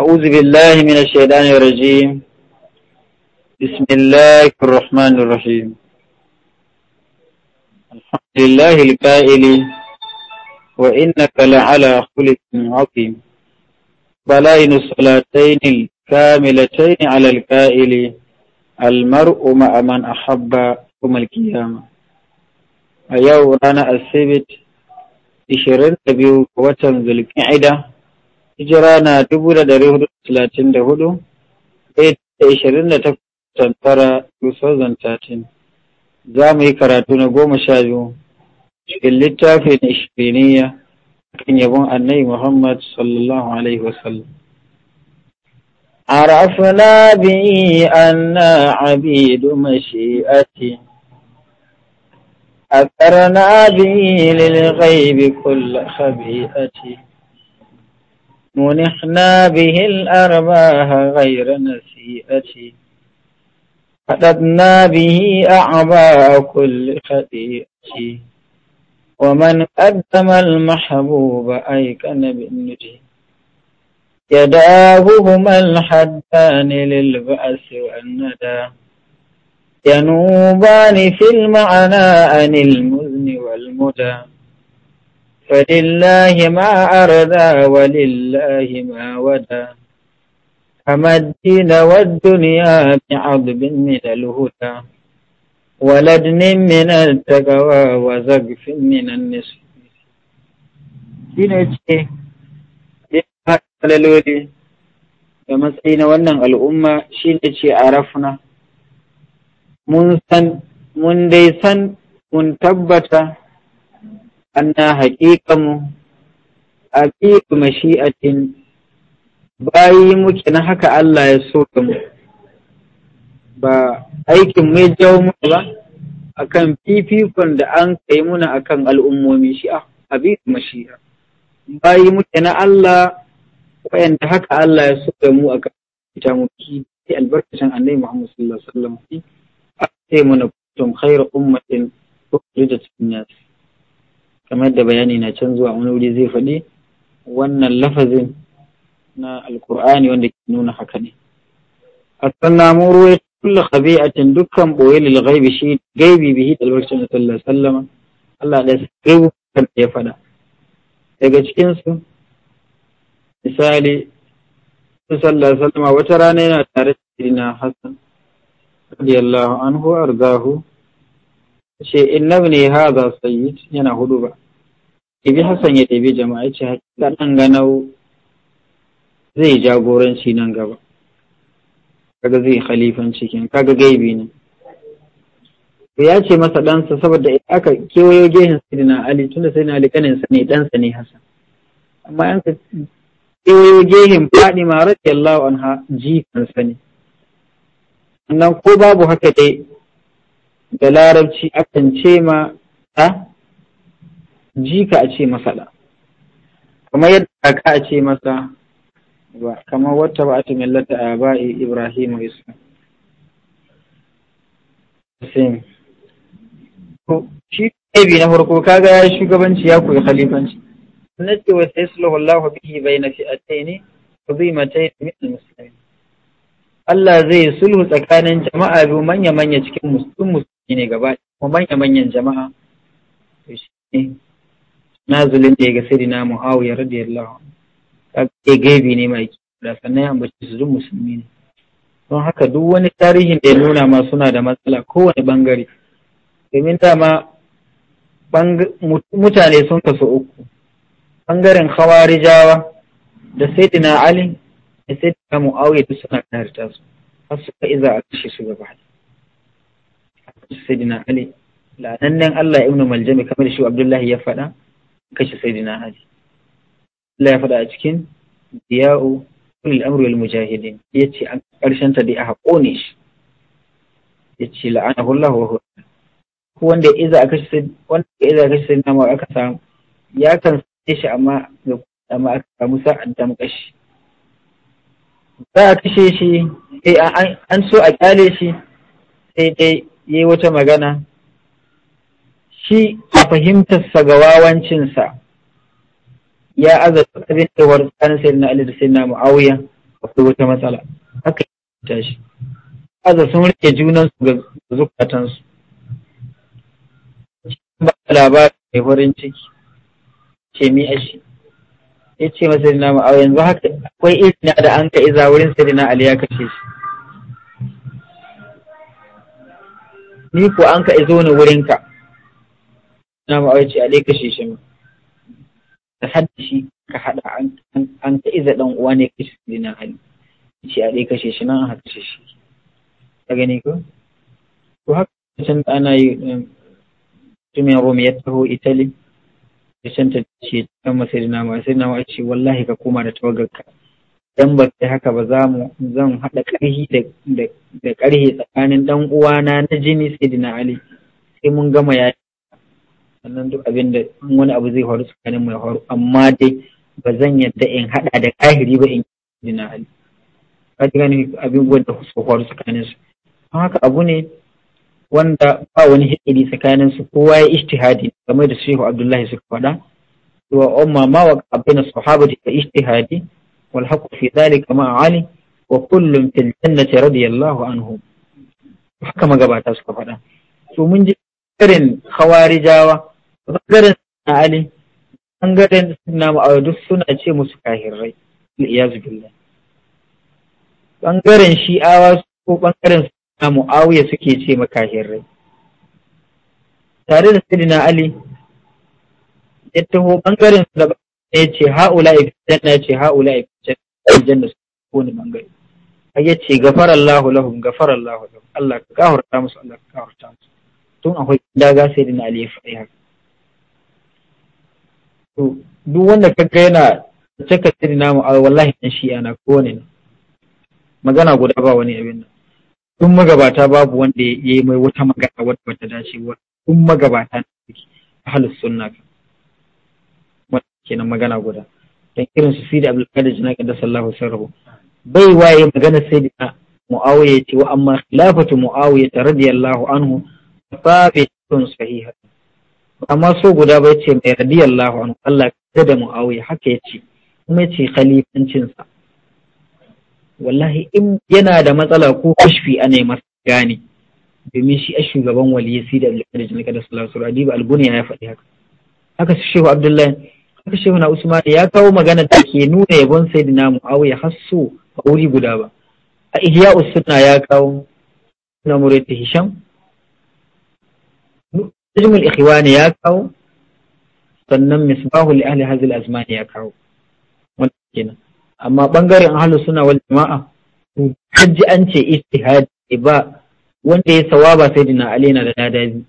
أعوذ بالله من الشيطان الرجيم بسم الله الرحمن الرحيم الحمد لله الكائل وإنك لعلى خلق عظيم بلائن الصلاتين الكاملتين على الكائل المرء مع من أحب يوم القيامة a yau ranar asibit 22 ga watan zulki'ida hijira na dubu da dari hudu talatin da hudu ɗaya da ishirin da ta tantara 2013 za mu yi karatu na goma sha biyu cikin littafin ishiriniya kan yabon annai muhammad sallallahu alaihi wasallam عرفنا به أنا عبيد مشيئته أثرنا به للغيب كل خبيئته منحنا به الأرباح غير نسيئة حددنا به أعباء كل خطيئة ومن قدم المحبوب أيكن بالنجي يداه الحدان للبأس والندى ينوبان في المعنى عن المذن والمدى فلله ما أردى ولله ما ودى أما الدين والدنيا بعضب من الهدى ولدن من التقوى وزقف من النصف ce da matsayi na wannan al'umma shine ce a rafna mun dai san mun tabbata anna a haƙiƙu mashi'atin bayi muke na haka Allah ya so ka mu ba aikin mai jawo mu ba akan fifikon da an kai muna kan al'ummomi shi a habibu mashi'a bayi muke na Allah wayanda haka Allah ya so ka mu kan ita mu ki albarkacin annabi Muhammad sallallahu alaihi wasallam sai mana kutum khairu ummatin ko da cikin yasi. kamar da bayani na can zuwa wani wuri zai faɗi wannan lafazin na alkur'ani wanda ke nuna haka ne A asanna mu ruwa a can dukkan boye lil shi gaibi bihi albarkatu da sallar sallama. Allah da ya kan ya faɗa daga cikinsu, misali sallallahu sallar sallama, wata rana yana tare da Hassan radiyallahu anhu arzahu ce inna ne haza yi yana hudu ba ibi hassan ya ɗebi jama'a ce hakika ɗan ganau zai jagoranci nan gaba kaga zai khalifan cikin kaga gaibi ne Ku ya ce masa ɗansa saboda aka kewayo gehen sayyidina ali tunda sayyidina ali kaninsa ne ɗansa ne hassan amma an ka kewayo gehen fadima radiyallahu anha jikansa ne sannan ko babu haka dai da larabci akan ce ma a jika a ce masa kamar yadda kaka a ce masa ba kamar wata ba ta millata a ba'i ibrahim isa shi aibi na farko kaga ya shugabanci ya koyi khalifanci na ce wa sai sulhu bihi bayna fi'atayn azimatai min al-muslimin Allah zai sulhu tsakanin jama'a biyu manya-manya cikin musulmi ne gaba kuma manya-manyan jama'a to shi ne nazulin da ya ga sirina muawiya radiyallahu anhu gaibi ne mai da sannan ya ambaci su musulmi ne don haka duk wani tarihin da ya nuna ma suna da matsala kowane bangare domin dama mutane sun kasu uku bangaren rijawa da saidina ali da sai da mu'awiya duk suna harta su har suka iza a kashe su gaba sai dina ali la'anannen Allah ibnu maljami kamar shi Abdullahi ya faɗa kashe sai dina ali Allah ya faɗa a cikin diya'u Kulli amri wal mujahidin yace an karshen ta dai a haƙone shi yace la'anahu Allah wa huwa wanda ya iza a kashe sai wanda iza a kashe sai na aka samu ya kan shi amma amma aka samu sa'ad da mu kashe za a kashe shi eh, an so a kyale shi sai dai yi wata magana shi a fahimtarsa ga wawancinsa ya aza abin da war tsanin sai na Ali da sai na Muawiya akwai wata matsala haka ta shi aza sun rike junan su ga zukatansu su ba labarin mai farin ciki ce mi shi. ya ce masa dina ma'awa yanzu haka akwai irin da an ka iza wurin sai ali ya kashe shi ni ko an ka izo ni ka. na ma'awa ce ali kashe shi ma ka hada shi ka hada an ka iza dan uwa ne kashe sadina ali ce ali kashe shi nan haka kashe shi ka gani ko to haka can ana yi eh, mutumin rom ya taho italy ya canta ce dan masai ma sai na ma ce wallahi ka koma da tawagarka dan ba ta haka ba za mu zan haɗa ƙarhi da ƙarhi tsakanin dan uwana na jini sai dina ali sai mun gama ya sannan duk abin da wani abu zai faru tsakanin mu ya faru amma dai ba zan yadda in haɗa da kahiri ba in dina ali ka ji gani abin gwada su faru tsakanin su haka abu ne wanda ba wani hikiri tsakanin su kowa ya ijtihadi game da shehu abdullahi suka faɗa wa umma ma wa abin sahabati ka ijtihadi wal haqqu fi zalika ma ali wa kullum fil jannati radiyallahu anhu haka magabata suka faɗa to mun ji garin khawarijawa garin ali bangaren suna ma'audu suna ce musu kahirrai iyaz billah bangaren shi'awa ko bangaren na mu'awiya suke ce makahirai tare da sidina ali ya taho bangaren da ya ce ha'ula na ce ha'ula janna su kone bangare ai ya ce gafar Allah lahum gafar Allah lahum Allah ka kahurta musu Allah ka kahurta musu tun akwai daga sai dina Ali ya faɗi haka to duk wanda ka ga yana cika sidina mu wallahi shi shi'a na kowane magana guda ba wani abin nan Tun magabata babu wanda ya yi mai wata magana wadda bata dace ba tun magabata na suke ahlus sunna kan kenan magana guda dan irin su sidi abdul qadir jinaka da sallahu sirruhu bai waye magana sai da muawiya ce wa amma khilafatu muawiya radiyallahu anhu thabitatun sahiha amma so guda bai ce mai radiyallahu anhu Allah ya da muawiya haka yace kuma yace khalifancin sa wallahi in yana da matsala ko kashfi ana yi masa gane domin shi a shugaban sai da alƙadar na kadar lasu alaihi wa sallam ya faɗi haka haka su shehu abdullahi haka shehu na usman ya kawo magana da ke nuna yabon sayyidina muawiya hasso a wuri guda ba a ihya usuna ya kawo na murid hisham najmul ikhwani ya kawo sannan misbahul ahli hazil azmani ya kawo wannan kenan amma bangaren ahalu suna wal jama'a hajji an ce istihadi ba wanda ya sawaba sai dina ali yana da lada biyu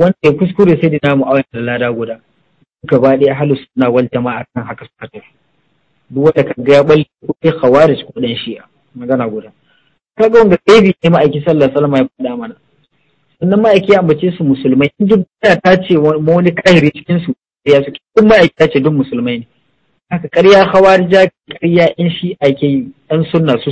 wanda ya kuskure sai dina mu'awiya da lada guda gaba ɗaya ahalu suna wal jama'a kan haka suka tafi duk wanda ka ga ya balle ko kai khawarij ko dan shi'a magana guda kaga wanda kai ne ma'aiki sallallahu alaihi wasallam ya faɗa mana sannan ma'aiki ya ambace su musulmai in duk ta ce wani kahiri cikin su ya suke Kuma ma'aiki ta ce duk musulmai ne haka ƙarya hawarja ƙarya in shi ake yi ɗan suna su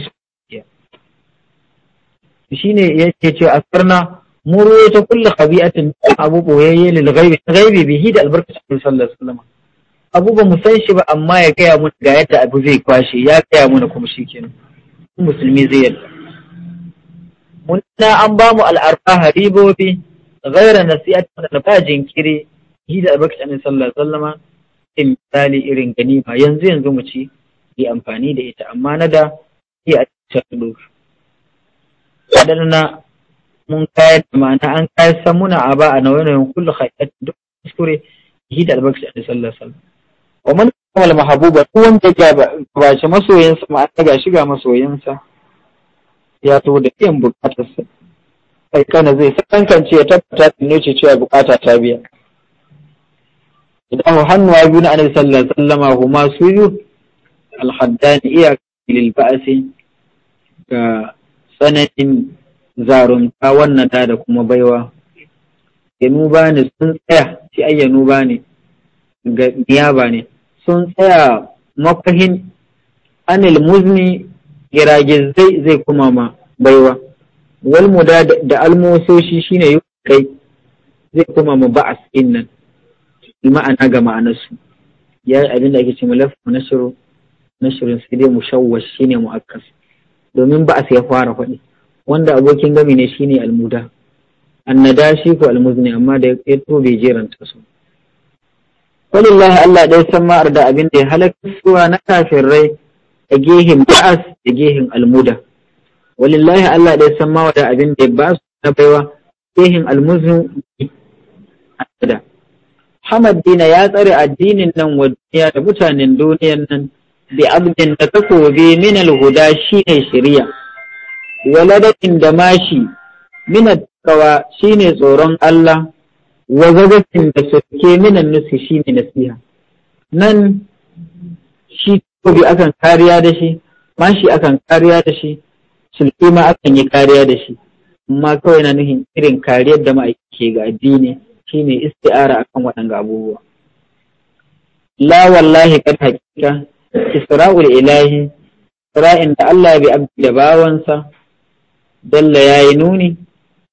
Su shi ne ya ce a sarna mun ta kulle ƙabi'atin qabi'atin abu boyayye lil ghaibi ghaibi bihi da albarkatu sallallahu alaihi wasallam abu ba mu san shi ba amma ya gaya mun ga yadda abu zai kwashe ya gaya mun kuma shi shikenan musulmi zai yarda mun na an ba mu al'arfa haribobi ghaira nasi'atin da ba jinkiri bihi da albarkatu sallallahu sallar sallama. ce misali irin ganima yanzu yanzu mu ci yi amfani da ita amma na da sai a cikin na mun kayar da ma'ana an kayar san muna a ba a na wani kullu haƙƙat duk kuskure yi da albarkaci a sallar sallar wa kamar kamal mahabuba ko wanda ya shi masoyinsa ma ta gashi ga masoyinsa ya so da yin bukatarsa sai kana zai sakankance ya tabbata da noce cewa bukata ta biya idan hannuwa biyu na annabi sallallahu alaihi wasallama huma suyu alhaddan iya lil ba'si ga tsananin ta wannan da kuma baiwa ya nuba ne sun tsaya shi ai ya nuba ne ga niyaba ne sun tsaya mafahin anil muzni giragizai zai kuma ma baiwa wal muda da almososhi shine yi kai zai kuma ma ba'as din nan bi ma'ana ga ma'anarsu ya yi abin da ake ce malaf nasiru nasirin sai dai mushawwash shine mu'akkas domin ba a sai fara faɗi wanda abokin gami ne shine almuda annada shi ko ne amma da ya to bai jeranta su Walillah Allah dai san ma'ar da abin da ya halaka suwa na kafirai a gehin ba'as da gehin almuda walillahi Allah dai san ma'ar da abin da ya ba su na baiwa gehin almuzni da Dina ya tsare addinin nan wa duniya da mutanen duniyan nan bi abdin da takobi min alhuda shine shari'a waladin da mashi min taqwa shine tsoron Allah wa zagatin da sauke min nusi shine nasiha nan shi takobi akan kariya da shi mashi akan kariya da shi sulke akan yi kariya da shi amma kawai na nuhin irin kariyar da ma'aikake ga addini ne isti'ara akan waɗanda abubuwa la wallahi kad hakika isra'ul ilahi isra'in da Allah bi abdi da bawansa dalla yi nuni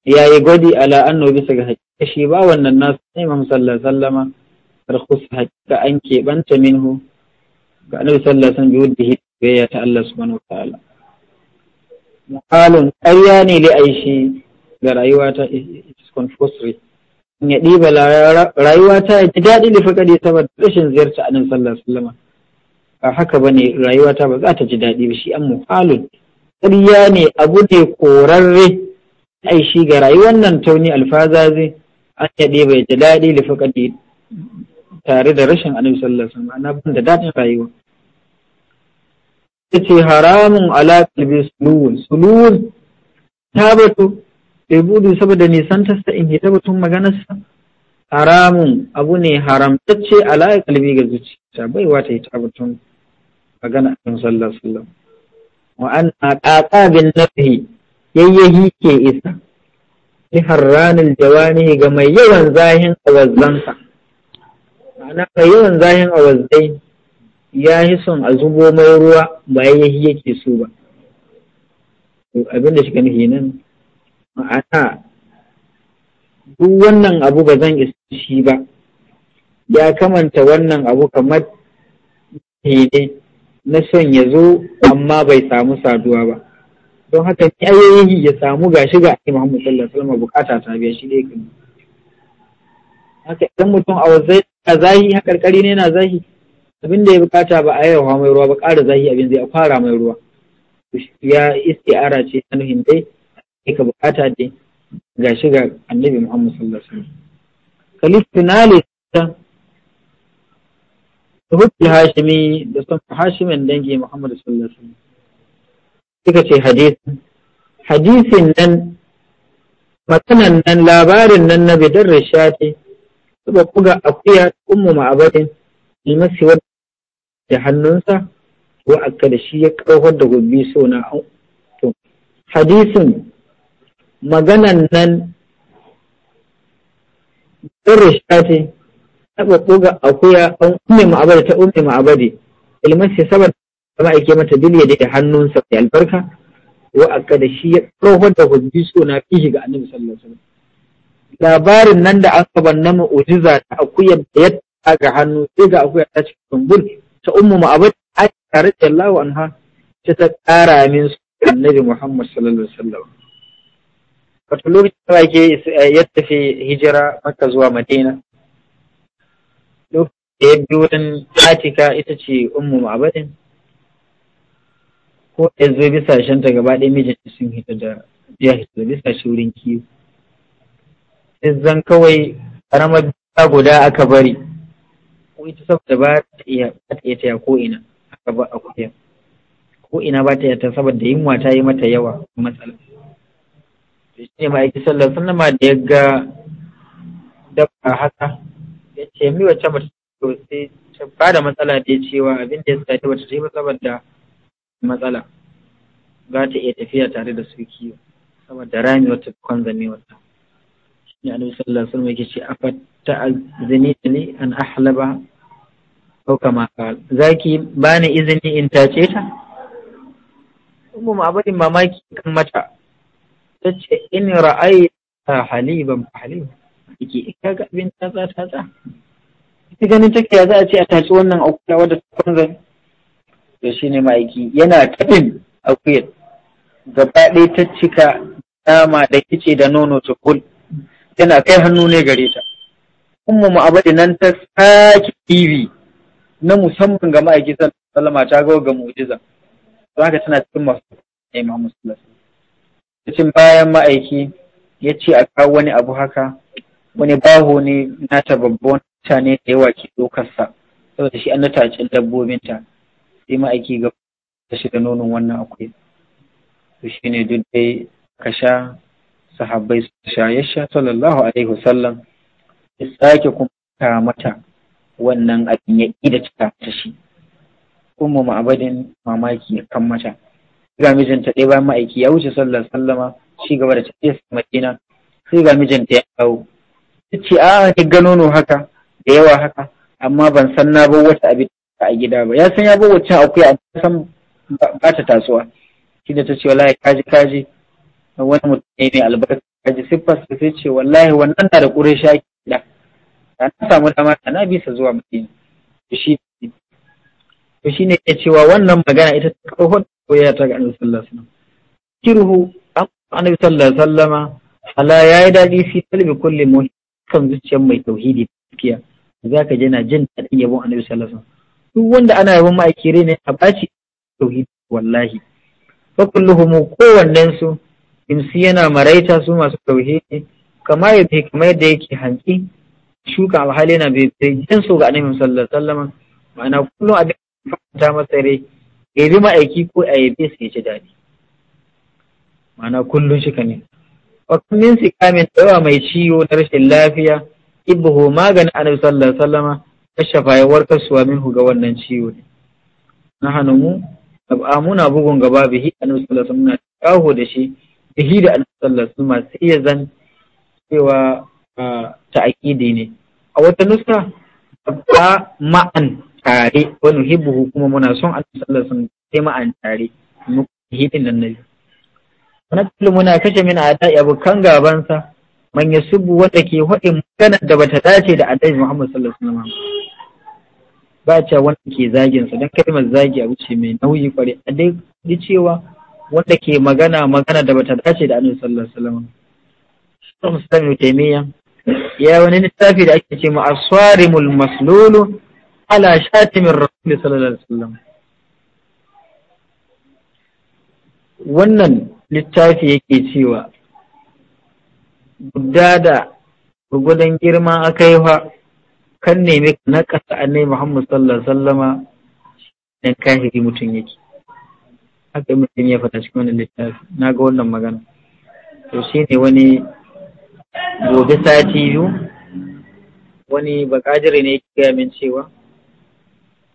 ya yi gwadi ala annu bisa ga hakika shi ba wannan nasu ne sallar sallama, alaihi wasallama an keɓanta minhu ga annabi sallallahu alaihi wasallam bi wuddihi ta Allah subhanahu wa ta'ala muhalun ƙarya ne li aishi ga rayuwa ta is ya ɗiba rayuwa ta yi daɗi da fakari saboda rashin ziyarta a nan sallar sallama ba haka ba ne rayuwa ta ba za ta ji daɗi ba shi an muhalun ƙarya ne abu ne korarre ai shi ga rayuwar nan tauni alfazazi an ya ɗiba ya ji daɗi da fakari tare da rashin annabi sallar sallama na ban da daɗin rayuwa Ita ce haramun ala kalbi sulul sulul ta batu bai eh, budu saboda nisantarsa in hita batun maganarsa haramun abu ne haramtacce ala kalbi ga zuciya bai wata yi batun magana a kan sallar sallar wa an a ƙaƙa bin nafi yayyahi ke isa ni harranin jawani ga mai yawan zahin awazzansa ma'ana mai yawan zahin awazzai ya yi son a zubo mai ruwa ba yayyahi yake so ba da shi ka nufi nan ma'ana duk wannan abu ba zan isa shi ba ya kamanta wannan abu kamar ne na son ya zo amma bai samu saduwa ba don haka yayi ya samu gashi ga Annabi Muhammad sallallahu alaihi wasallam bukata ta biya shi dai haka idan mutum a wazai a zahi ne na zahi abin da ya bukata ba a yawa mai ruwa ba ƙara zahi abin zai a fara mai ruwa ya iske ara ce ta nuhin dai ka bukata dai ga shi ga annabi Muhammad sallallahu alaihi wasallam kalifu Ta hukki hashimi da son hashimin dangi Muhammad sallallahu alaihi wasallam kika ce hadisin hadisin nan matanan nan labarin nan na bidar rishati suka kuga akuya ummu ma'abadin limasi wa da hannunsa wa akka da shi ya kawar da gobe so na hadisin maganan nan risha ce taɓa ga akuya an ume ma'abadi ta umme ma'abadi sai saboda kama aike mata dilya da hannunsa mai albarka wa aka da shi ya tsohon da hujji suna fihi ga annabi sallallahu alaihi wasallam labarin nan da aka banna mu'jiza ta akuya da ya ga hannu sai ga akuya ta cikin kumbur ta ummu ma'abadi a tare da Allah anha ta ta ƙara min annabi Muhammad sallallahu alaihi wasallam wato lokacin da ake eh, ya tafi hijira maka zuwa madina lokacin da ya wurin atika ita ce ummu ma'abadin ko ya zo bisa shan ta, gaba ɗaya mijin sun hita da ya hita bisa shi wurin kiwo zan kawai karamar guda aka bari Ko ita saboda ba ta iya ta iya ko ina aka ba a ko ina ba ta iya ta saboda yunwa ta yi mata yawa matsala ne aiki sallar sun nama da ya ga dabba haka ya ce mi wacce mace to sai ta ba da matsala da ya cewa abin da ya sa ta wacce ta yi saboda matsala za ta iya tafiya tare da su kiyo saboda rami wata kwan zame wata shi ne annabi sallallahu alaihi wasallam yake ce afa ta'azzini ne an ahlaba ko kama qal zaki bani izini in tace ta umma abin mamaki kan mata ta ce in ra'ayi ta haliban haliban yake ka ga abin tatsa tatsa ita ganin take ya za a ce a tashi wannan akuya wadda ta kunza da shi ne ma'aiki yana tabin akuya gaba ɗaya ta cika dama da kice da nono kul yana kai hannu ne gare ta a baɗi nan ta sake TV. na musamman ga ma'aikisan sallama ta ga ga mu'jiza don haka tana cikin masu imam eh, musulunci lokacin bayan ma'aiki ya ce a kawo wani abu haka wani baho ne nata babban mutane da yawa ke ɗaukarsa saboda shi an na tacin dabbobinta sai ma'aiki ga shi da nonon wannan akwai to shi ne duk dai ka sha sahabbai su sha ya sha sallallahu alaihi wasallam ya sake kuma ta mata wannan abin ya ƙi da cika ta shi kuma ma'abadin mamaki ya kan mata ga mijinta ɗaya bayan ma'aiki ya wuce sallar sallama shi gaba da tafiya madina sai ga mijinta ya kawo ta ce a ni gano no haka da yawa haka amma ban san na bar wata abin a gida ba ya san ya bar wacce akuya amma san ba ta tasowa shi da ta ce wallahi kaji kaji wani mutum ne mai albarka kaji siffar sai ce wallahi wannan na da ƙure shaki da na samu dama na bisa zuwa madina to shi ne ya cewa wannan magana ita ta kawo koya ta ga annabi sallallahu alaihi wasallam kirhu annabi sallallahu alaihi wasallama ala yayi dadi fi talbi kulli kan zuciyar mai tauhidi tafiya zaka ji na jin dadin yabon annabi sallallahu alaihi wasallam duk wanda ana yabon ma'aiki ne a baci tauhidi wallahi fa kulluhum kowannen su imsi yana maraita su masu tauhidi kama ya fi kamar yadda yake hantsi shuka alhali na bai bai jin so ga annabi sallallahu alaihi wasallam ma'ana kullum abin fata masa rai yabi ma'aiki ko a yabe su ya ji daɗi ma'ana kullum shi ne wa min sikamin dawa mai ciwo na rashin lafiya ibuhu maganin annabi sallallahu alaihi wasallama kashafa ya warkar suwa minhu ga wannan ciwo ne na hannu mu muna bugun gaba bihi annabi sallallahu alaihi wasallama kawo da shi bihi da annabi sallallahu alaihi wasallama sai ya zan cewa ah, ta'aqidi ne a wata nuska ba ma'an tare wa nuhibbuhu kuma muna son Allah sallallahu alaihi wasallam sai ma an tare na biyu. Wani naqulu muna kashe min ada abu kan gabansa man subu wanda ke haɗe magana da bata dace da annabi Muhammad sallallahu alaihi wasallam ba ta wanda ke zagin sa dan kalmar zagi abu ce mai nauyi kware a dai ni cewa wanda ke magana magana da bata dace da annabi sallallahu alaihi wasallam Sheikh sami Taymiyyah ya wani littafi da ake ce ma aswarimul maslulu ala shatimin صلى الله عليه وسلم wannan littafi yake cewa guda da gudan girma aka yi fa kan nemi na kasa annai Muhammad sallallahu alaihi wasallama dan shi mutum yake haka mutum ya fata cikin wannan littafi na ga wannan magana to shine wani gobe sati biyu wani bakajire ne yake gaya min cewa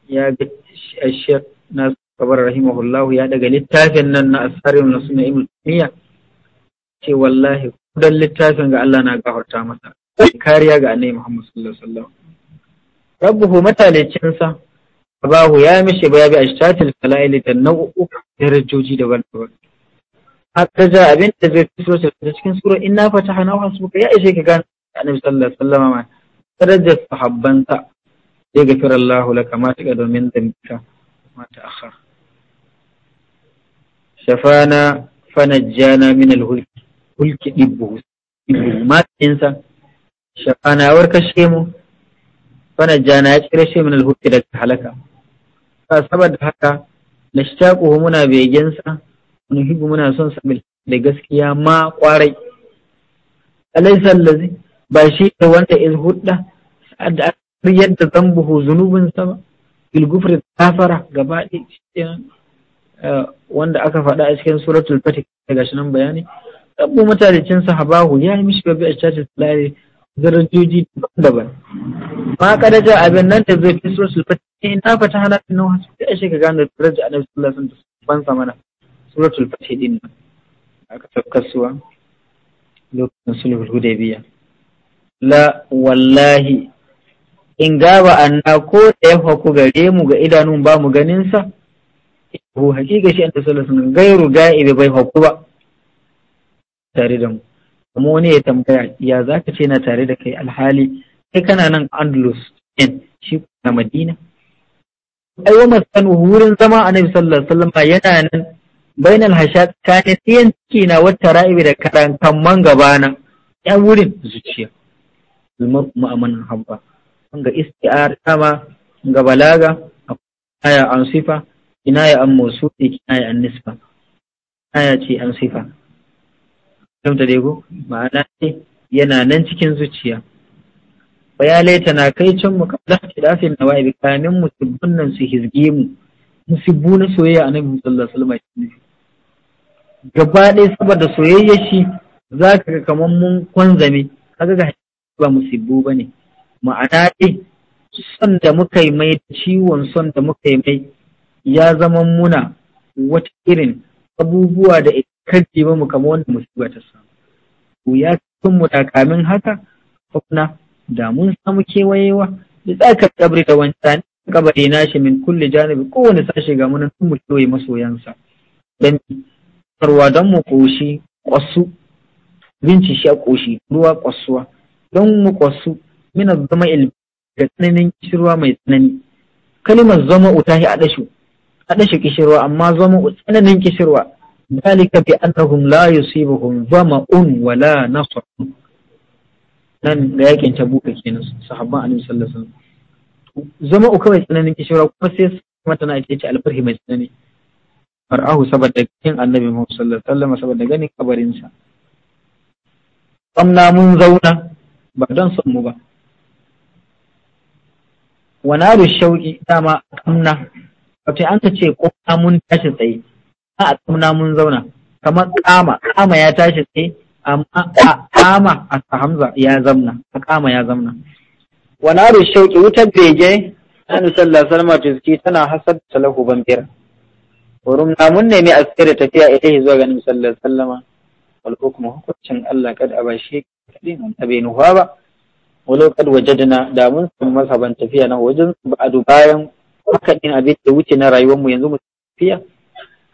ya ga Sheikh Nasir Kabar rahimahullahu ya daga littafin nan na Asarin na suna Ibn Taymiyyah ce wallahi kudan littafin ga Allah na gafarta masa kariya ga Annabi Muhammad sallallahu alaihi wasallam rabbuhu matalicinsa abahu ya mishi ba ya bi ashtatil falaili da nau'uka darajoji daban-daban hatta ja abin da zai fito ta cikin sura inna fatahna wa hasbuka ya ishe ka gane annabi sallallahu alaihi wasallam darajar sahabbansa zai gafira Allah laka ma tuka domin zamika ma ta aka. Shafana fana jana min hulki ɗibbu matinsa shafana ya warka shi mu fana jana ya tsira shi min alhulki daga halaka. Ba saboda haka na shi muna begensa wani hibu muna son sa da gaskiya ma kwarai. Alaisa lalazi ba shi da wanda in hudda sa'ad har yadda zambuhu zunubinsa ba bilgufri kafara gaba eh, wanda aka faɗa a cikin suratul fatih daga shi nan bayani rabu matalicin sahabahu ya yi mishi babu a cikin tsari darajoji daban ma kadaja abin nan da zai fi suratul fatih eh, na fata hana nan wasu sai shi ka gane daraja annabi sallallahu alaihi wasallam ban sa mana suratul fatih din nan aka tafkasuwa lokacin sulhul hudaybiya la wallahi in gaba anna ko da ya faku gare mu ga idanun ba mu ganin sa ko hakika shi annabi sallallahu alaihi wasallam gairu ga'ibi bai faku ba tare da mu kuma wani ya tambaya ya zaka ce na tare da kai alhali kai kana nan Andalus shi na Madina ai wa masan wurin zama annabi sallallahu alaihi wasallam yana nan bainal hashat kana tiyan na wata ra'ibi da karan kan man na. ya wurin zuciya zulmar kuma amanan ga isti'ar kama ga balaga aya an sifa kinaya an mawsu'i kinaya an nisba aya ce an sifa dan da dego ma'ana ne? yana nan cikin zuciya wa ya laita na kai can mu da tilafin na bi kamin musibbun nan su hizge mu musibbu na soyayya annabi sallallahu alaihi wasallam gaba ɗaya saboda soyayya shi zaka ga kaman mun kwanzame kaga ga ba musibbu bane ma'ana dai son da muka yi mai ciwon son da muka yi mai ya zama muna wata irin abubuwa da kaji ba mu kama wanda mu shiga ta samu ya san mu takamin haka kuma da mun samu kewayewa da ka kabri da wancan kabari shi min kulle janibi kowane sashe ga munan sun mu kewaye masoyansa dan farwa dan mu koshi kwasu binci a koshi ruwa kwasuwa don mu kwasu min zama zamail ga tsananin kishirwa mai tsanani kalimar zama'u ta yi adashu adashu kishirwa amma zama'u tsananin kishirwa dalika bi annahum la yusibuhum zama'un wala nasr nan da yakin tabuka kenan sahabban annabi sallallahu alaihi wasallam zama'u kawai tsananin kishirwa kuma sai kuma tana ake ce alfarhi mai tsanani far'ahu saboda kin annabi Muhammad sallallahu alaihi wasallam saboda ganin kabarinsa amna mun zauna ba don son mu ba wana shauƙi, shauki a kamna wato an ka ce ko mun tashi tsaye a kamna mun zauna kamar kama kama ya tashi tsaye amma a kama a hamza ya zamna a kama ya zamna wana naru shauki wutar bege an sallallahu alaihi wasallam tana hasad talahu bambira hurum namun nemi mai askira tafiya ita zuwa yi nabi sallallahu alaihi wasallama wal hukmu hukuncin Allah kada kad abashe kadin an tabe nuha ba Wani kad wajadna da mun samu mazhaban tafiya na wajen ba'adu bayan haka din abin da wuce na rayuwar mu yanzu mu tafiya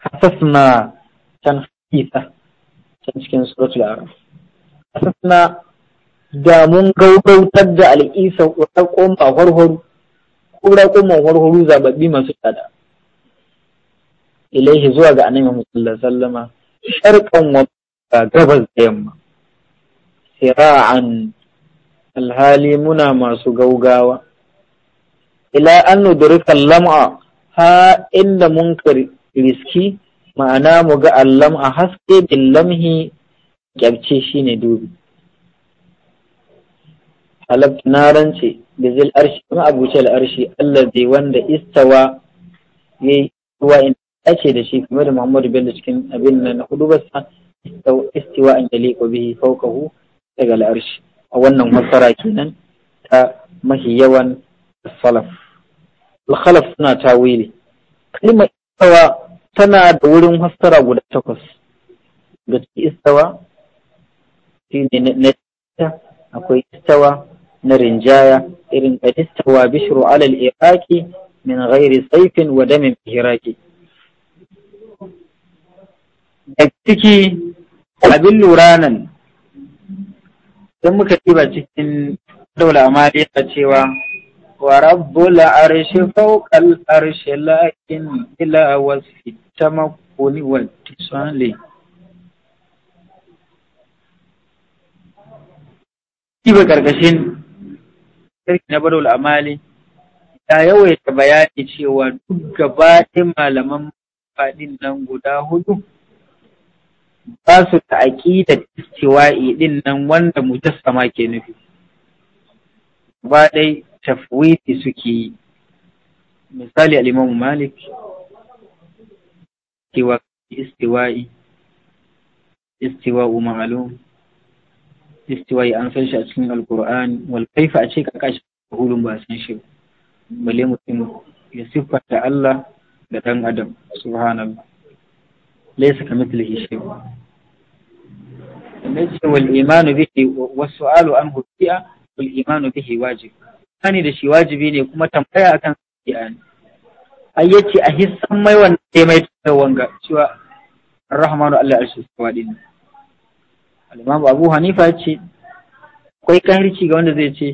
hasasna tan hakika can cikin suratul araf hasasna da mun gaugautar da al'isa raƙon ba warwaru ko raƙon man warwaru zababbi masu tsada ilaihi zuwa ga annabi musallar sallama sharqan wa gabas da yamma sira'an alhali muna masu gaugawa ila an nudrika lam'a ha inda mun riski ma'ana mu ga a haske bin lamhi shi shine dubi halab na rance da zil arshi kuma abuce al arshi allazi wanda istawa yayi ruwa in ake da shi kamar da Muhammadu Bello cikin abin nan na hudu basa istiwa an yaliko bihi fawqahu daga al'arshi." a wannan masara kenan ta mahi yawan salaf al-khalaf suna tawili kalmar istawa tana da wurin fassara guda takwas ga istawa shi ne na akwai istawa na rinjaya irin kadistawa bishiru alal iraki min ghairi saifin wa damin iraki a ciki abin lura nan idan muka diba cikin daula amaliya cewa wa rabbul arshi fawqal arshi lakin ila wasitama kuni wa tisali diba karkashin sarki na barul amali ya yawaita bayani cewa duk gaba malaman fadin nan guda hudu ba su ta aƙidar istiwa'i ɗin nan wanda mujassama ke nufi ba dai tafwiti suke yi misali al'imamu malik istiwa'i istiwa'u istiwa'i an san shi a cikin al wal kaifa a ce ka kashi hulun ba san shi bale mutum ya siffata Allah da ɗan adam subhanallah laysa kamithlihi shay nace wal imanu bihi was su'alu anhu bi'a wal imanu bihi wajib kani da shi wajibi ne kuma tambaya akan bi'a ne ai yace a hissan mai wannan sai mai tawanga cewa ar-rahmanu Allah arshi sawadin al-imam Abu Hanifa ce akwai kahirci ga wanda zai ce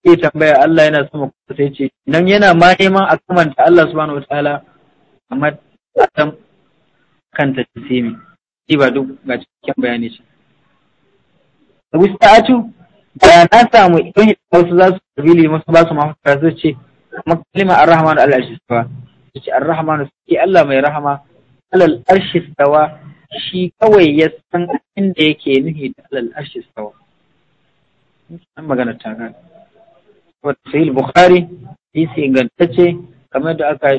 ke tambaya Allah yana sama kuma sai ce nan yana mahimman neman a kamanta Allah subhanahu wataala amma kanta shi ba duk ga cikin bayani shi Ta'atu da na samu idan wasu za su kabili wasu ba su mafaka su ce makalima ar-rahman al-arshi sawa su ce an rahama su suke Allah mai rahama alal arshistawa shi kawai ya san inda yake nuhi da alal arshistawa an magana ta gani wata sahih bukhari hadisi ingantacce kamar da aka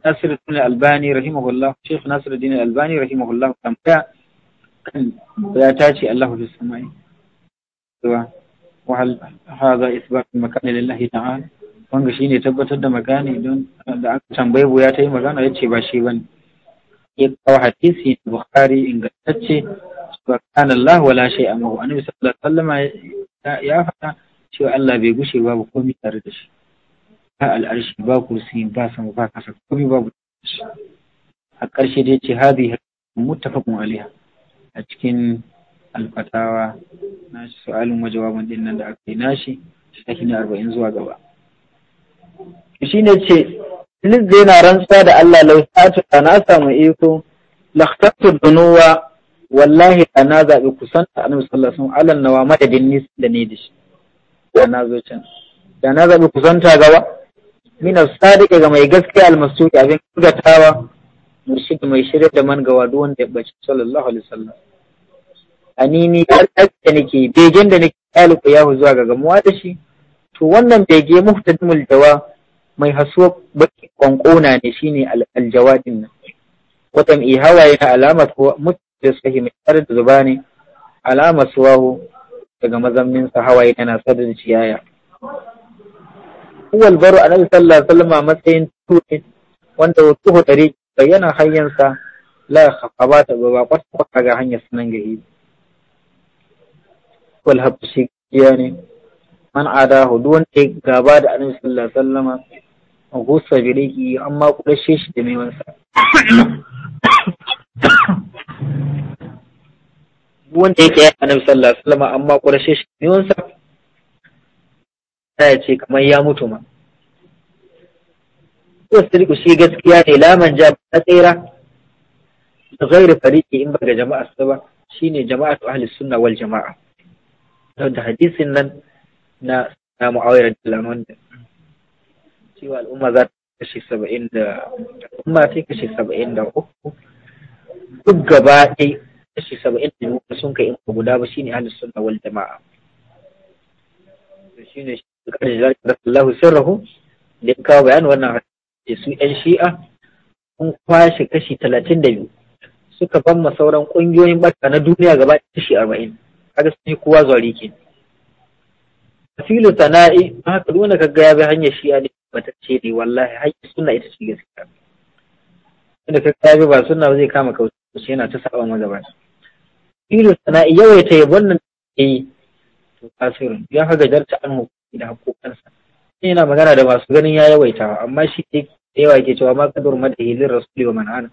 Nasiru Dini Albani rahimahullah Sheikh Nasiru Dini Albani rahimahullah tambaya kan ya tace Allahu fi samai wa wahal hadha isbat makani lillahi ta'ala wanga shine tabbatar da magani don da aka tambaye ya ta yi magana yace ba shi bane ya kawo hadisi Bukhari ingantacce Allah wala shay'a mahu annabi sallallahu alaihi wasallam ya faɗa cewa Allah bai gushe babu komai tare da shi ba al'arshi ba kursi ba sama ba kasa komai babu a ƙarshe dai ce hadhihi muttafaqun alaiha a cikin alfatawa Na shi su'alin wa jawaban din nan da aka yi nashi shi na arba'in zuwa gaba shi ne ce Iblis zai na rantsuwa da Allah lausatu da na samu iko laktatu dunuwa wallahi da na zaɓi kusan da annabi sallallahu alaihi wasallam alan nawa madadin nisan da ne da shi da na zo can da na zaɓi kusanta gaba min as-sadiqi ga mai gaskiya al abin gatawa mushid mai shirya da man ga wadu wanda ya bace sallallahu alaihi wasallam anini har da nake begen da nake ɗaliku ya zuwa ga gamuwa da shi to wannan bege muhtadimul jawa mai hasuwa baki kwankona ne shine aljawadin nan watan i hawaye na alamar ko mutu sahi mai tsar da zuba alamar suwahu daga mazamnin sa hawaye tana sadar ciyaya huwal baro a nabi sallallahu alaihi wasallam a matsayin turin wanda wa tuhu dare bayyana hanyarsa la khabata ba kwata ga hanyar sunan gahi wal habshi ne man ada hudu wanda ya gaba da annabi sallallahu alaihi wasallam a gusa biriki amma kudashe shi da nemansa wanda yake annabi sallallahu alaihi wasallam amma kudashe shi da wansa ya ce kamar ya mutu ma to sirku shi gaskiya ne laman ja ta tsira da gairu fariki in baga ga jama'a su ba shine jama'atu ahli sunna wal jama'a da hadisin nan na na mu'awiyar radiyallahu cewa al'umma za ta kashe saba'in da al'umma ta kashe saba'in da uku duk gaba ɗaya kashe saba'in da uku sun kai in guda ba shine ahli sunna wal jama'a shine kada Allah rahu da ya kawo bayan wannan da su yan shi'a sun kwashe kashi talatin da biyu suka ma sauran ƙungiyoyin baka na duniya gaba kashi arba'in kaga su yi kowa zuwa ke filu sana'i haka nuna kaga ya bi hanyar shi'a ne bata ce ne wallahi haƙƙi suna ita ce gaskiya inda kaga ya bi ba suna zai kama kauce yana ta saba gaba filu sana'i yawaita yabon nan ke yi tasirin ya haga jarta an da haƙoƙansa yana magana da masu ganin ya yawaita amma shi ke da yawa ke cewa ma kadur madahi lil rasuli wa man'ana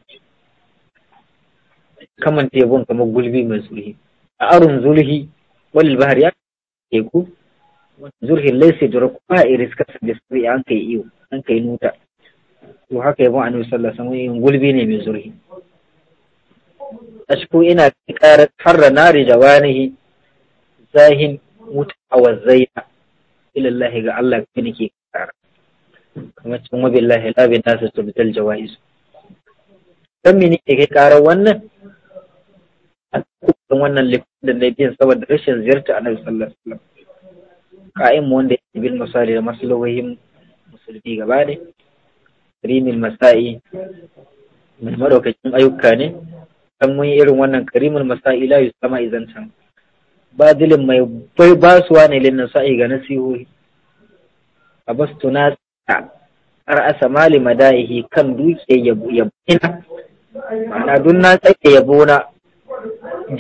kaman tebun kamar gulbi mai sulhi a arun zulhi wal bahri ya teku zulhin laysa juraku ba iris kasa da sai an kai iyo an kai nuta to haka yabon annabi sallallahu alaihi wasallam gulbi ne mai A ashku ina karar harra nari jawanihi zahin wuta a zaina ilallahi ga Allah ka nake kara kuma cikin wabillahi la bin nasu tubtal jawaiz dan mene ne kai kara wannan cikin wannan lifin da laifin saboda rashin ziyarta a sallallahu alaihi wasallam ka'in mu wanda ya bil misali da maslahohin musulmi gaba ne karimin masa'i mai madaukakin ayyuka ne dan mun yi irin wannan karimin masa'i la yusama izan can badilin mai bai basuwa ne lin nasa'i ga nasihohi abastu nasa har asa mali madaihi kan duke yabina na dun na tsake yabona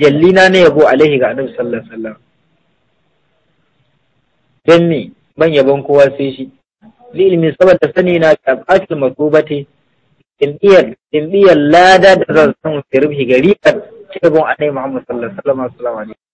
jallina ne yabo alaihi ga annabi sallar sallar. Ben ni ban yabon kowa sai shi li saboda sani na tabatul makubati in iya lada da zan san firbi gari kan cebon annabi Muhammad sallallahu alaihi wasallam